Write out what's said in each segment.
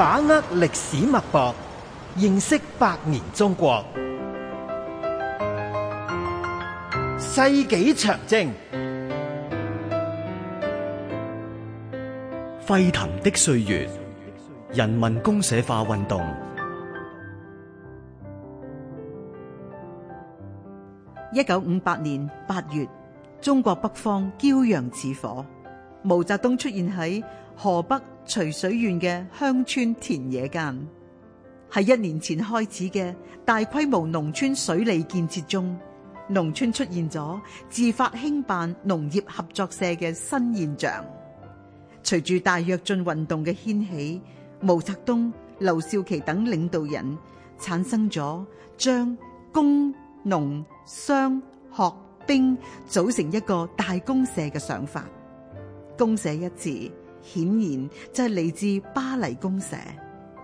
把握歷史脈搏，認識百年中國。世紀長征，沸騰的歲月，人民公社化運動。一九五八年八月，中國北方驕陽似火，毛澤東出現喺河北。徐水縣嘅鄉村田野間，喺一年前開始嘅大規模農村水利建設中，農村出現咗自發興辦農業合作社嘅新現象。隨住大躍進運動嘅掀起，毛澤東、劉少奇等領導人產生咗將工農商學兵組成一個大公社嘅想法。公社一詞，顯然就係嚟自巴黎公社，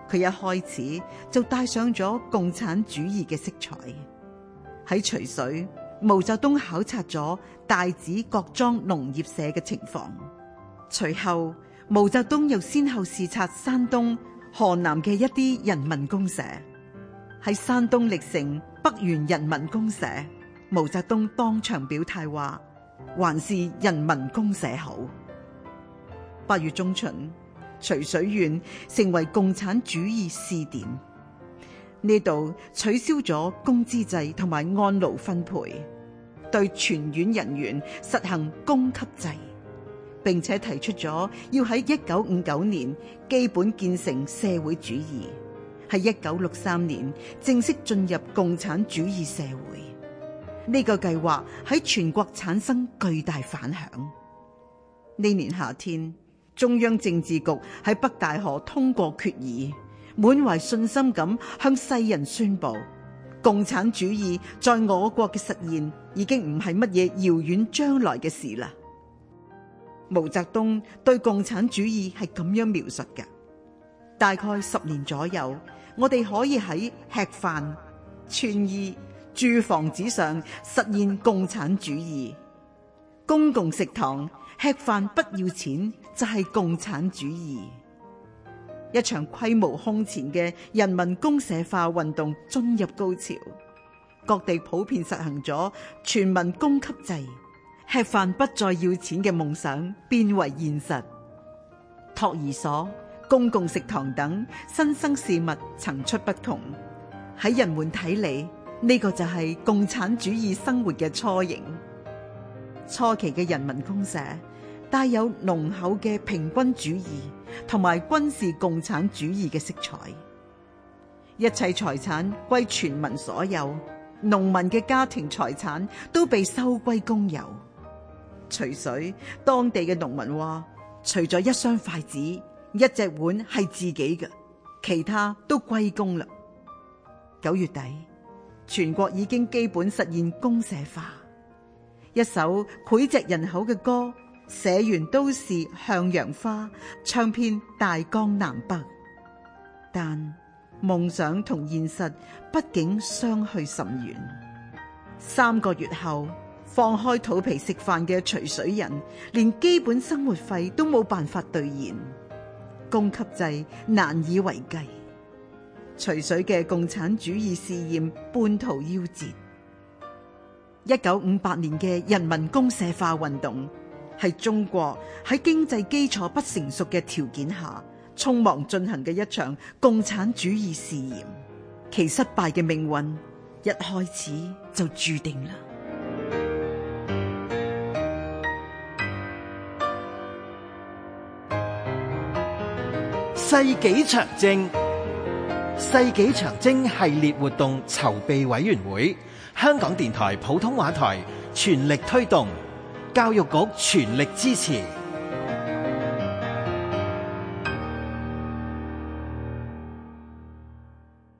佢一開始就帶上咗共產主義嘅色彩。喺徐水，毛澤東考察咗大寺各莊農業社嘅情況。隨後，毛澤東又先後視察山東、河南嘅一啲人民公社。喺山東歷城北園人民公社，毛澤東當場表態話：還是人民公社好。八月中旬，徐水縣成為共產主義試點。呢度取消咗工資制同埋按勞分配，對全縣人員實行供給制，並且提出咗要喺一九五九年基本建成社會主義，喺一九六三年正式進入共產主義社會。呢、呢個計劃喺全國產生巨大反響。呢年夏天。中央政治局喺北戴河通過決議，滿懷信心咁向世人宣布，共產主義在我國嘅實現已經唔係乜嘢遙遠將來嘅事啦。毛澤東對共產主義係咁樣描述嘅：大概十年左右，我哋可以喺吃飯、穿衣、住房子上實現共產主義，公共食堂。吃飯不要錢就係共產主義，一場規模空前嘅人民公社化運動進入高潮，各地普遍實行咗全民供給制，吃飯不再要錢嘅夢想變為現實。托兒所、公共食堂等新生事物層出不窮，喺人們睇嚟呢個就係共產主義生活嘅雛形。初期嘅人民公社帶有濃厚嘅平均主義同埋軍事共產主義嘅色彩，一切財產歸全民所有，農民嘅家庭財產都被收歸公有。徐水當地嘅農民話：除咗一雙筷子、一隻碗係自己嘅，其他都歸公啦。九月底，全國已經基本實現公社化。一首膾炙人口嘅歌，寫完都是向陽花，唱遍大江南北。但夢想同現實畢竟相去甚遠。三個月後，放開肚皮食飯嘅徐水人，連基本生活費都冇辦法兌現，供給制難以為繼，徐水嘅共產主義試驗半途夭折。一九五八年嘅人民公社化運動，係中國喺經濟基礎不成熟嘅條件下，匆忙進行嘅一場共產主義試驗，其失敗嘅命運一開始就注定啦。世紀長征、世紀長征系列活動籌備委員會。香港電台普通話台全力推動，教育局全力支持。